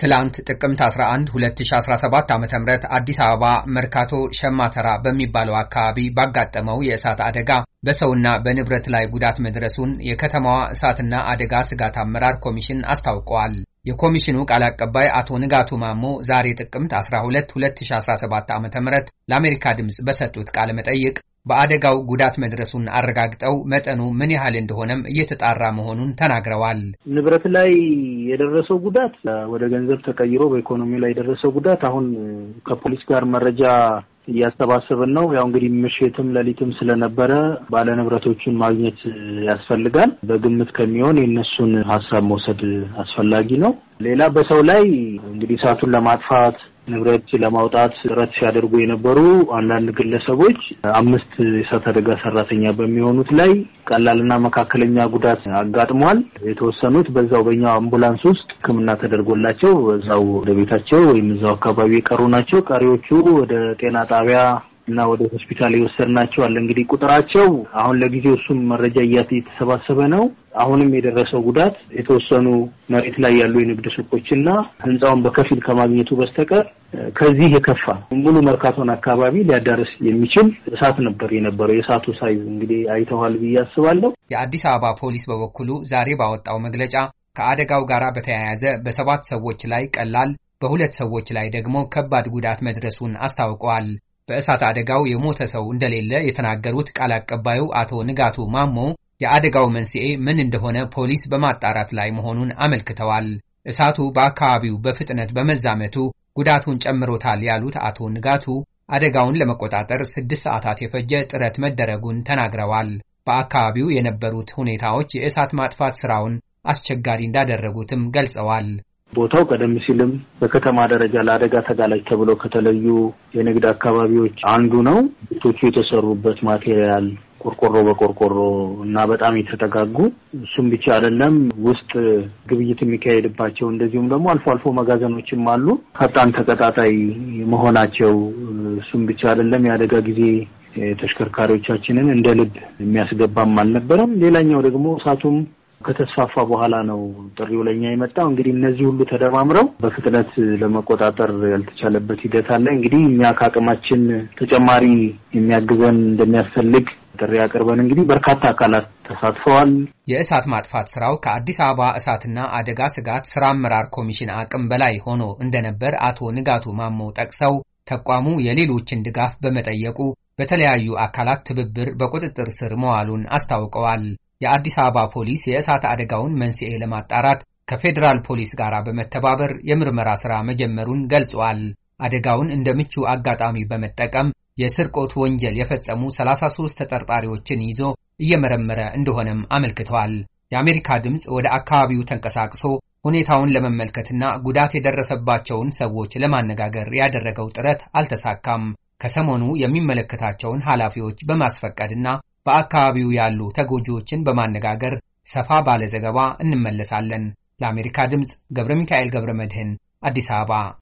ትላንት ጥቅምት 11 2017 ዓ ም አዲስ አበባ መርካቶ ሸማተራ በሚባለው አካባቢ ባጋጠመው የእሳት አደጋ በሰውና በንብረት ላይ ጉዳት መድረሱን የከተማዋ እሳትና አደጋ ስጋት አመራር ኮሚሽን አስታውቀዋል። የኮሚሽኑ ቃል አቀባይ አቶ ንጋቱ ማሞ ዛሬ ጥቅምት 12 2017 ዓ ም ለአሜሪካ ድምፅ በሰጡት ቃለ መጠይቅ በአደጋው ጉዳት መድረሱን አረጋግጠው መጠኑ ምን ያህል እንደሆነም እየተጣራ መሆኑን ተናግረዋል። ንብረት ላይ የደረሰው ጉዳት ወደ ገንዘብ ተቀይሮ በኢኮኖሚ ላይ የደረሰው ጉዳት አሁን ከፖሊስ ጋር መረጃ እያሰባሰብን ነው። ያው እንግዲህ ምሽትም ሌሊትም ስለነበረ ባለ ንብረቶችን ማግኘት ያስፈልጋል። በግምት ከሚሆን የእነሱን ሀሳብ መውሰድ አስፈላጊ ነው። ሌላ በሰው ላይ እንግዲህ እሳቱን ለማጥፋት ንብረት ለማውጣት ጥረት ሲያደርጉ የነበሩ አንዳንድ ግለሰቦች አምስት የእሳት አደጋ ሰራተኛ በሚሆኑት ላይ ቀላልና መካከለኛ ጉዳት አጋጥሟል። የተወሰኑት በዛው በኛው አምቡላንስ ውስጥ ሕክምና ተደርጎላቸው እዛው ወደ ቤታቸው ወይም እዛው አካባቢ የቀሩ ናቸው። ቀሪዎቹ ወደ ጤና ጣቢያ እና ወደ ሆስፒታል የወሰድናቸው አለ። እንግዲህ ቁጥራቸው አሁን ለጊዜው እሱም መረጃ እየተሰባሰበ ነው። አሁንም የደረሰው ጉዳት የተወሰኑ መሬት ላይ ያሉ የንግድ ሱቆችና ህንፃውን በከፊል ከማግኘቱ በስተቀር ከዚህ የከፋ ሙሉ መርካቶን አካባቢ ሊያዳርስ የሚችል እሳት ነበር የነበረው። የእሳቱ ሳይዝ እንግዲህ አይተዋል ብዬ አስባለሁ። የአዲስ አበባ ፖሊስ በበኩሉ ዛሬ ባወጣው መግለጫ ከአደጋው ጋር በተያያዘ በሰባት ሰዎች ላይ ቀላል፣ በሁለት ሰዎች ላይ ደግሞ ከባድ ጉዳት መድረሱን አስታውቀዋል። በእሳት አደጋው የሞተ ሰው እንደሌለ የተናገሩት ቃል አቀባዩ አቶ ንጋቱ ማሞ የአደጋው መንስኤ ምን እንደሆነ ፖሊስ በማጣራት ላይ መሆኑን አመልክተዋል። እሳቱ በአካባቢው በፍጥነት በመዛመቱ ጉዳቱን ጨምሮታል ያሉት አቶ ንጋቱ አደጋውን ለመቆጣጠር ስድስት ሰዓታት የፈጀ ጥረት መደረጉን ተናግረዋል። በአካባቢው የነበሩት ሁኔታዎች የእሳት ማጥፋት ሥራውን አስቸጋሪ እንዳደረጉትም ገልጸዋል። ቦታው ቀደም ሲልም በከተማ ደረጃ ለአደጋ ተጋላጭ ተብሎ ከተለዩ የንግድ አካባቢዎች አንዱ ነው። ቤቶቹ የተሰሩበት ማቴሪያል ቆርቆሮ በቆርቆሮ እና በጣም የተጠጋጉ እሱም ብቻ አይደለም፣ ውስጥ ግብይት የሚካሄድባቸው እንደዚሁም ደግሞ አልፎ አልፎ መጋዘኖችም አሉ። ፈጣን ተቀጣጣይ መሆናቸው እሱም ብቻ አይደለም፣ የአደጋ ጊዜ ተሽከርካሪዎቻችንን እንደ ልብ የሚያስገባም አልነበረም። ሌላኛው ደግሞ እሳቱም ከተስፋፋ በኋላ ነው ጥሪው ለኛ የመጣው። እንግዲህ እነዚህ ሁሉ ተደማምረው በፍጥነት ለመቆጣጠር ያልተቻለበት ሂደት አለ። እንግዲህ እኛ ከአቅማችን ተጨማሪ የሚያግዘን እንደሚያስፈልግ ጥሪ አቅርበን እንግዲህ በርካታ አካላት ተሳትፈዋል። የእሳት ማጥፋት ስራው ከአዲስ አበባ እሳትና አደጋ ስጋት ስራ አመራር ኮሚሽን አቅም በላይ ሆኖ እንደነበር አቶ ንጋቱ ማሞ ጠቅሰው ተቋሙ የሌሎችን ድጋፍ በመጠየቁ በተለያዩ አካላት ትብብር በቁጥጥር ስር መዋሉን አስታውቀዋል። የአዲስ አበባ ፖሊስ የእሳት አደጋውን መንስኤ ለማጣራት ከፌዴራል ፖሊስ ጋር በመተባበር የምርመራ ሥራ መጀመሩን ገልጿል። አደጋውን እንደ ምቹ አጋጣሚ በመጠቀም የስርቆት ወንጀል የፈጸሙ 33 ተጠርጣሪዎችን ይዞ እየመረመረ እንደሆነም አመልክቷል። የአሜሪካ ድምፅ ወደ አካባቢው ተንቀሳቅሶ ሁኔታውን ለመመልከትና ጉዳት የደረሰባቸውን ሰዎች ለማነጋገር ያደረገው ጥረት አልተሳካም። ከሰሞኑ የሚመለከታቸውን ኃላፊዎች በማስፈቀድና በአካባቢው ያሉ ተጎጂዎችን በማነጋገር ሰፋ ባለ ዘገባ እንመለሳለን። ለአሜሪካ ድምፅ ገብረ ሚካኤል ገብረ መድህን አዲስ አበባ